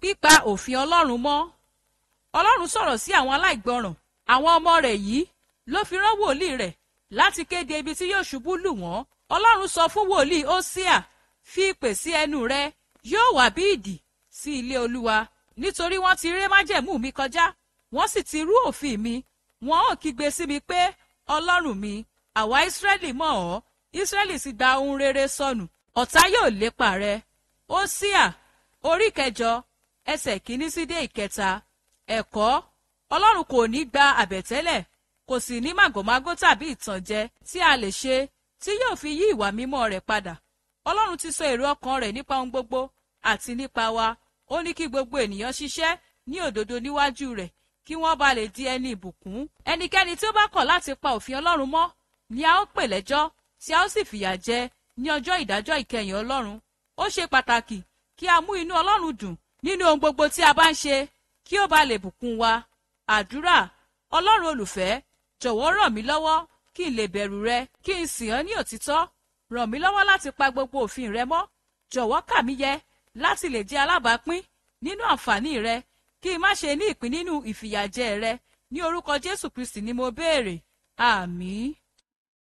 pípa òfin ọlọ́run mọ́ ọlọ́run sọ̀rọ̀ sí àwọn aláìgbọràn àwọn ọmọ rẹ̀ yìí ló fi rán wòlíì rẹ̀ láti kéde ibi tí yóò ṣubú lù wọ́n ọlọ́run sọ fún wòlíì Hósíà fi ìpè sí ẹnu rẹ yóò wà bí idì sí ilé olúwa nítorí wọ́n ti ré májẹ̀mú mi kọjá wọ́n sì ti rú òfin mi wọ́n ò kígbe sí mi pé ọlọ́run mi àwa ìsírẹ́lì mọ̀ ọ́ ìsírẹ́lì sì gba ohun rere sọnù ọ̀tá yóò lépa rẹ Hósíà orí kẹjọ ẹsẹ̀ kìíní sí dé ìkẹta ẹ̀kọ́ ọlọ́run kò ní gba àbẹ̀tẹ́lẹ̀ kò sì ní màgòmágó tàbí ìtànjẹ tí a lè ṣe tí yóò fi yí ìwà mímọ́ rẹ̀ padà ọlọ́run ti sọ èrò ọkàn rẹ̀ nípa ohun gbogbo àti nípa wa ó ní kí gbogbo ènìyàn ṣiṣẹ́ ní òdodo níwájú rẹ̀ kí wọ́n bá lè di ẹni ìbùkún ẹnikẹ́ni tí ó bá kọ̀ láti pa òfin ọlọ́run mọ́ ni a ó pè lẹ́jọ́ tí a ó sì fìyà jẹ ní ọjọ́ ìdájọ́ ìkẹyìn ọlọ́run ó ṣe pàtàkì kí a mú inú ọlọ́run dùn nínú ohun gbogbo tí a bá ń ṣe kí ó bá lè bùkún wa àdúrà ọlọ́run olùfẹ́ jọ̀wọ́ ràn mí lọ́wọ́ kí n lè bẹ̀rù rẹ kí n sìn ọ́ ní òtítọ́ ràn mí lọ́wọ́ láti pa gbogbo òfin rẹ mọ́ jọ̀wọ́ kà mí yẹ láti lè jẹ́ alábàápín nínú àǹfààní rẹ kí n má ṣe ní ìpín nínú ìfìyàjẹ rẹ ní orúkọ jésù kristi ni mo béèrè àmín.